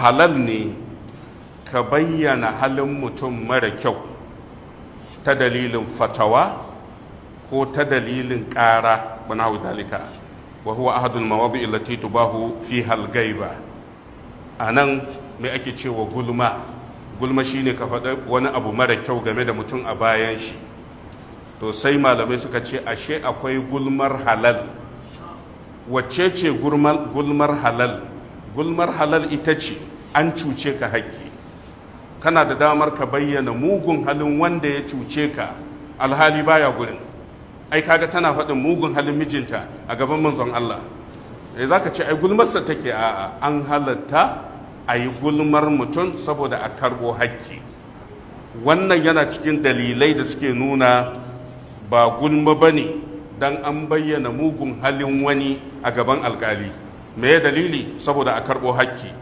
halal ne ka bayyana halin mutum mara kyau ta dalilin fatawa ko ta dalilin ƙara wani hau dalika wa huwa ahadul mawabi illati tubahu fi ba a nan me ake cewa gulma gulma shine ka faɗa wani abu mara kyau game da mutum a bayan shi to sai malamai suka ce ashe akwai gulmar halal wacce ce gulmar halal gulmar halal ita ce an cuce ka haƙƙi kana da damar ka bayyana mugun halin wanda ya cuce ka alhali baya gurin ai kaga tana faɗin mugun halin mijinta a gaban manzon Allah eh, za ka ce ai gulmarsa take a'a an halatta a yi gulmar mutum saboda a karbo haƙƙi wannan yana cikin dalilai da suke nuna ba gulma ba ne don an bayyana mugun halin wani a gaban alkali. me dalili saboda a karɓo hakki